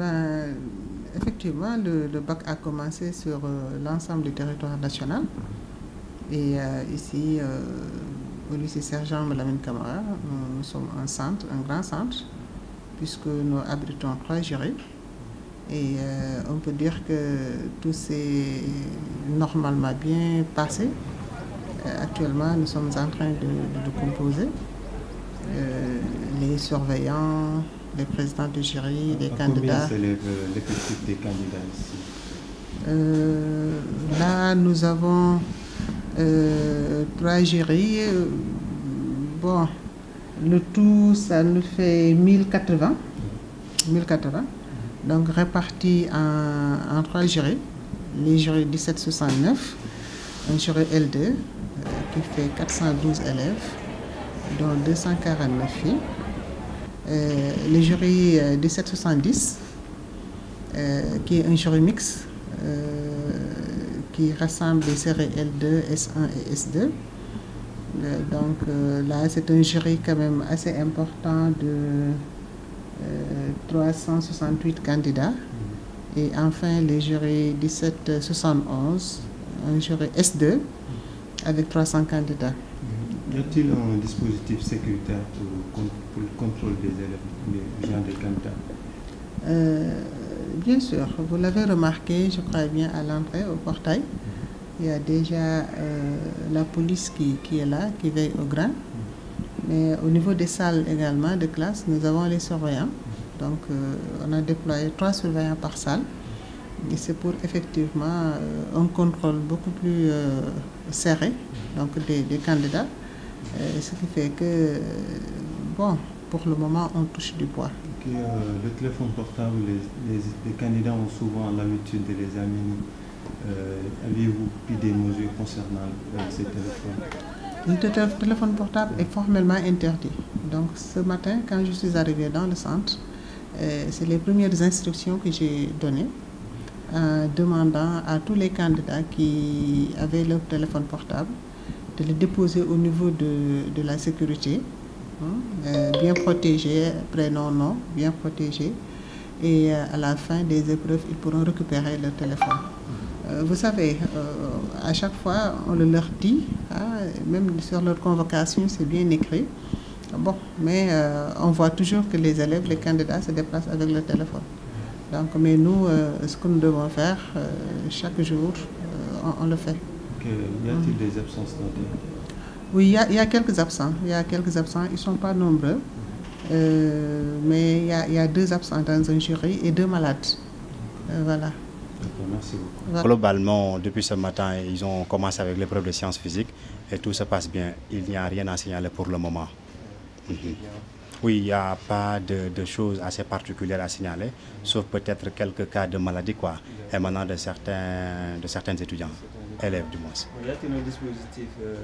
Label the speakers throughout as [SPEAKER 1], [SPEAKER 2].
[SPEAKER 1] Ben, effectivement, le, bac a commencé sur euh, l'ensemble du territoire national. Et euh, ici, euh, au lycée Sergent Melamine Camara, nous, sommes un centre, un grand centre, puisque nous abritons trois jurys. Et on peut dire que tout s'est normalement bien passé. actuellement, nous sommes en train de, composer. les surveillants, les présidents de jury, ah, les candidats. Combien
[SPEAKER 2] s'élève des candidats ici
[SPEAKER 1] euh, Là, nous avons euh, trois jurys. Euh, bon, le tout, ça nous fait 1080. 1080. Donc répartis en, trois jurys. Les jurys 1769, un jury L2 qui fait 412 élèves, dont 249 filles. Euh, le jury 1770, euh, euh, qui est un jury mixte, qui rassemble les séries L2, S1 et S2. donc là, c'est un jury quand même assez important de 368 candidats. Et enfin, le jury 1771, un jury S2 avec 300 candidats.
[SPEAKER 2] Y a-t-il un dispositif sécuritaire pour, le contrôle des élèves, des gens de candidats
[SPEAKER 1] euh, Bien sûr, vous l'avez remarqué, je crois bien, à l'entrée, au portail. Il y a déjà euh, la police qui, est là, qui veille au grain. Mais au niveau des salles également, de classe, nous avons les surveillants. Donc, euh, on a déployé trois surveillants par salle. Et c'est pour effectivement un contrôle beaucoup plus serré donc des candidats. Euh, ce qui fait que, euh, bon, pour le moment, on touche du bois.
[SPEAKER 2] Euh, le téléphone portable, les, candidats ont souvent l'habitude de les amener. Avez-vous pris des mesures concernant ces téléphones
[SPEAKER 1] le téléphone portable est formellement interdit. Donc ce matin, quand je suis arrivée dans le centre, c'est les premières instructions que j'ai données en demandant à tous les candidats qui avaient leur téléphone portable de les déposer au niveau de, la sécurité, hein, euh, bien protégé, prénom, nom, bien protégé. Et euh, à la fin des épreuves, ils pourront récupérer leur téléphone. Euh, vous savez, à chaque fois, on le leur dit, hein, même sur leur convocation, c'est bien écrit. Bon, mais on voit toujours que les élèves, les candidats se déplacent avec leur téléphone. Donc, mais nous, ce que nous devons faire, chaque jour, on le fait
[SPEAKER 2] y a-t-il des absences notées
[SPEAKER 1] Oui, il y, a, quelques absents. Il y a quelques absents. Ils ne sont pas nombreux. Euh, mais il y, a deux absents dans un jury et deux malades. Euh, voilà.
[SPEAKER 2] Merci beaucoup. Globalement, depuis ce matin, ils ont commencé avec l'épreuve de sciences physiques et tout se passe bien. Il n'y a rien à signaler pour le moment. Mhm. Oui, il n'y a pas de, choses assez particulières à signaler, sauf peut-être quelques cas de maladie quoi, émanant de certains, de certains étudiants élèves du un dispositif euh,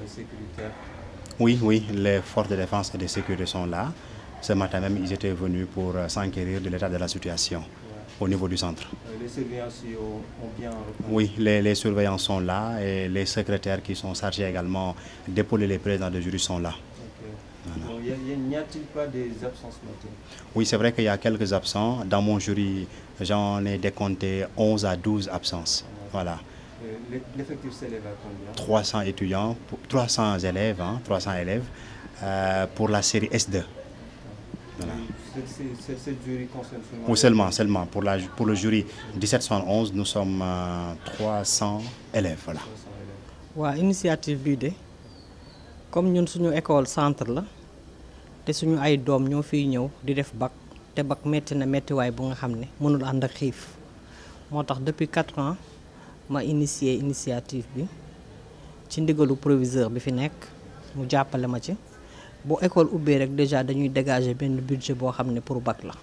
[SPEAKER 2] Oui, oui, les forces de défense et de sécurité sont là. Ce matin même, ils étaient venus pour euh, s'enquérir de l'état de la situation au niveau du centre. Euh, les surveillants Oui, les, sont là et les secrétaires qui sont chargés également d'épauler les présidents de jury sont là. N'y a-t-il pas des absences Oui, c'est vrai qu'il y a quelques absents. Dans mon jury, j'en ai décompté 11 à 12 absences. Voilà. Euh, l'effectif s'élève à combien 300 étudiants, 300 élèves, 300 hein, élèves euh, pour la série S2. Voilà. Cette jury seulement seulement, seulement. Pour, la, pour le jury 1711, nous sommes 300 euh, élèves. Voilà. 300
[SPEAKER 3] Oui, initiative bidé, Comme nous sommes une école centre, là, nous avons ay dom qui fi ñëw di def bac des bac metti na metti way bu nga xamné mënul depuis 4 ans ma initier initiative bi ci ndigalu proviseur bi fi nekk mu jàppale ma ci bu école ubbee rek déjà dañuy dégager benn budget boo xam ne pour bag la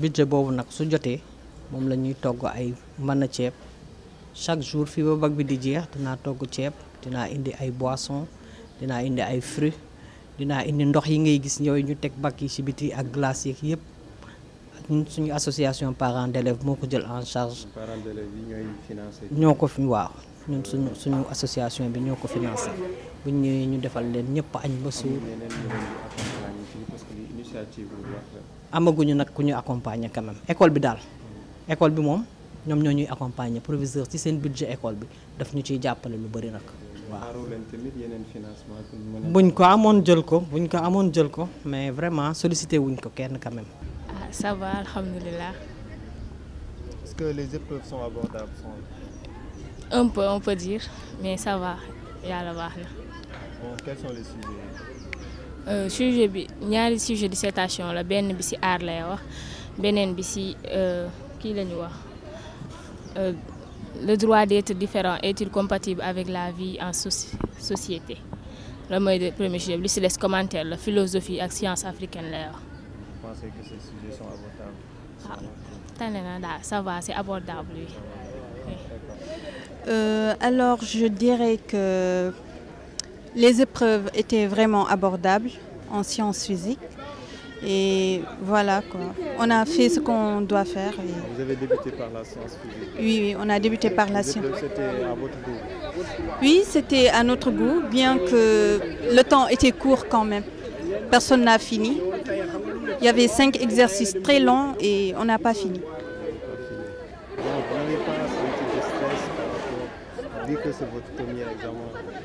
[SPEAKER 3] budget boobu nag su jotee moom la ñuy togg ay mën a ceeb chaque jour fii ba bac bi di jeex dinaa togg ceeb dinaa indi ay boisson dinaa indi ay fruits dinaa indi ndox yi ngay gis yooyu ñu teg bac yi ci biti ak glace yeeg yëpp suñu association parents d'élèves moo ko jël en charge.
[SPEAKER 2] parents d'élèves yi ñooy financé. ñoo ko
[SPEAKER 3] fi waaw ñun suñu suñu association bi ñoo ko financé bu ñu ñëwee ñu defal leen ñëpp añ ba suur. amaguñu nag ku ñu accompagner quand même école bi daal. école bi mom ñom ñoo ñuy accompagner proviseur ci seen budget école bi daf ñu ci jappalé lu bari nak waaw buñ ko amone jël ko buñ ko amone jël ko mais vraiment sollicité wuñ ko kenn quand même.
[SPEAKER 2] Ça va, Alhamdoulilah. Est-ce que les épreuves sont abordables Un peu, on peut dire, mais ça va. a la Bon, quels sont les sujets euh, sujet bi ñaari sujet dissertation la benn bi le BNBC c'est... le droit d'être différent est-il compatible avec la vie en société le premier sujet bi les commentaires. la philosophie la science africaine que sont abordables ah, ça va c'est abordable
[SPEAKER 3] euh, alors je dirais que les épreuves étaient vraiment abordables en sciences physiques. Et voilà quoi. On a fait ce qu'on doit faire.
[SPEAKER 2] Vous avez débuté par la science physique
[SPEAKER 3] Oui, on a débuté par la science.
[SPEAKER 2] C'était à votre goût
[SPEAKER 3] Oui, c'était à notre goût, bien que le temps était court quand même. Personne n'a fini. Il y avait cinq exercices très longs et on n'a pas fini.
[SPEAKER 2] que c'est votre premier examen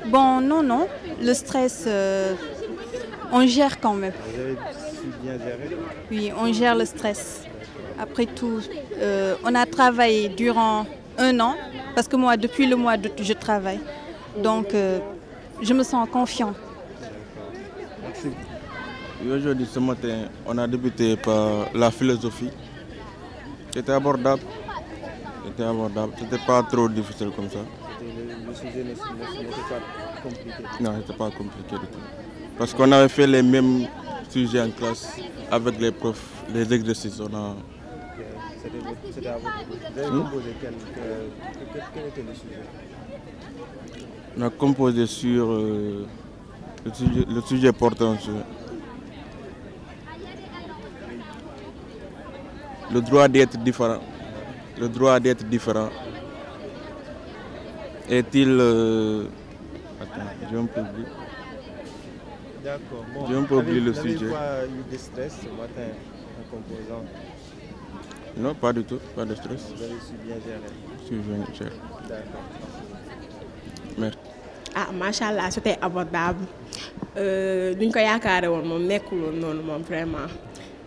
[SPEAKER 3] Bon, non, non. Le stress, euh, on gère quand même.
[SPEAKER 2] Vous Oui, on gère le
[SPEAKER 3] stress. Après tout, euh, on a travaillé durant un an, parce que moi, depuis le mois d'août, je travaille. Donc, euh, je me sens confiante.
[SPEAKER 1] Aujourd'hui, ce matin, on a débuté par la philosophie. C'était abordable. C'était abordable. C'était pas trop difficile comme ça.
[SPEAKER 2] Le, sujet n'était pas compliqué.
[SPEAKER 1] Non, c'était pas compliqué du tout. Parce qu'on avait fait les mêmes sujets en classe avec les profs, les exercices. On a...
[SPEAKER 2] C'était à vous. Vous avez composé quel,
[SPEAKER 1] quel, était le sujet On a composé sur euh, le sujet, le sujet portant sur le droit d'être différent. Le droit d'être différent est-il... Euh... Attends, j'ai un peu oublié.
[SPEAKER 2] D'accord. Bon, j'ai un peu oublié le sujet. pas eu du stress ce matin en composant
[SPEAKER 1] Non, pas du tout, pas de stress. Vous avez su bien gérer Je suis bien géré. D'accord. Merci.
[SPEAKER 3] ah Machallah, c'était abordable lu euh, ñu ko yaakaare woon moom nekkul woon noonu moom vraiment.